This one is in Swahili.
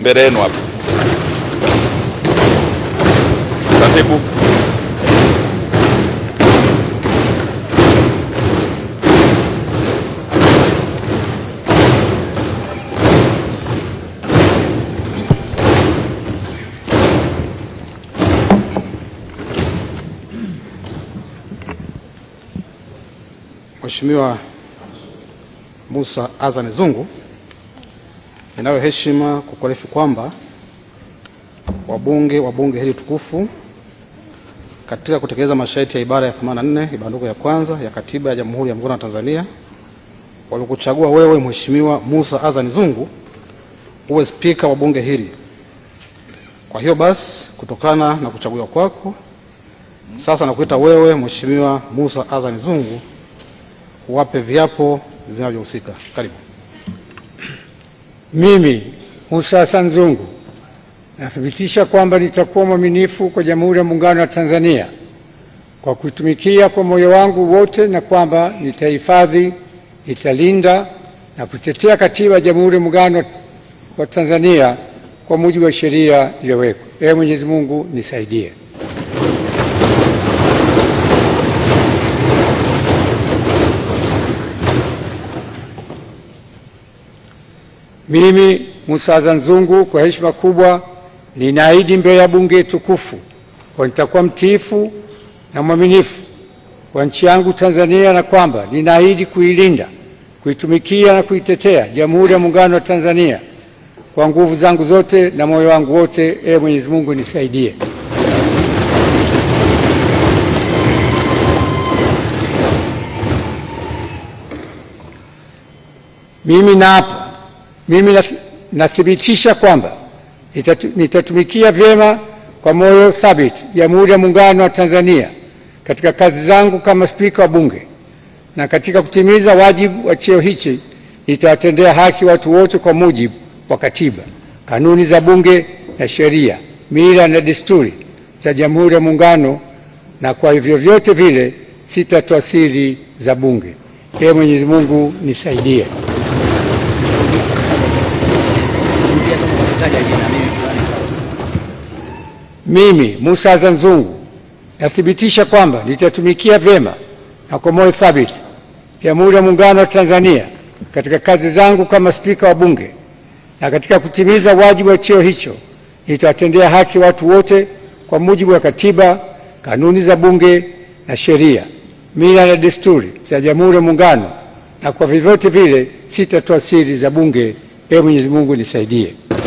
Mbele yenu hapa, katibu, Mheshimiwa Musa Azan Zungu Ninayo heshima kukuarifu kwamba wabunge wa bunge hili tukufu katika kutekeleza masharti ya ibara ya 84 ibanduko ya kwanza ya katiba ya Jamhuri ya Muungano wa Tanzania wamekuchagua wewe Mheshimiwa musa Azan Zungu uwe spika wa bunge hili. Kwa hiyo basi, kutokana na kuchaguliwa kwako, sasa nakuita wewe Mheshimiwa musa azan Zungu uwape viapo vinavyohusika. Karibu. Mimi Musa Hassan Zungu nathibitisha kwamba nitakuwa mwaminifu kwa Jamhuri ya Muungano wa Tanzania kwa kuitumikia kwa moyo wangu wote na kwamba nitahifadhi, nitalinda na kutetea Katiba ya Jamhuri ya Muungano wa Tanzania kwa mujibu wa sheria iliyowekwa. Ee Mwenyezi Mungu nisaidie. Mimi Musa Azzan Zungu kwa heshima kubwa ninaahidi mbele ya bunge tukufu kwa nitakuwa mtiifu na mwaminifu kwa nchi yangu Tanzania na kwamba ninaahidi kuilinda, kuitumikia na kuitetea Jamhuri ya Muungano wa Tanzania kwa nguvu zangu zote na moyo wangu wote. Ee Mwenyezi Mungu nisaidie. Mimi naapa mimi nathibitisha kwamba nitatumikia vyema kwa moyo thabiti Jamhuri ya Muungano wa Tanzania katika kazi zangu kama Spika wa Bunge, na katika kutimiza wajibu wa cheo hichi nitawatendea haki watu wote kwa mujibu wa Katiba, kanuni za Bunge na sheria, mila na desturi za Jamhuri ya Muungano, na kwa hivyo vyote vile sitatoa siri za Bunge. Ee Mwenyezi Mungu nisaidie. jina mimi fulani. Mimi nzungu Azzan Zungu nathibitisha kwamba nitatumikia vyema na kwa moyo thabiti Jamhuri ya Muungano wa Tanzania katika kazi zangu kama Spika wa Bunge na katika kutimiza wajibu wa cheo hicho, nitawatendea haki watu wote kwa mujibu wa Katiba, kanuni za Bunge na sheria, mila na desturi za Jamhuri ya Muungano, na kwa vyovyote vile sitatoa siri za Bunge. ewe Mwenyezi Mungu nisaidie.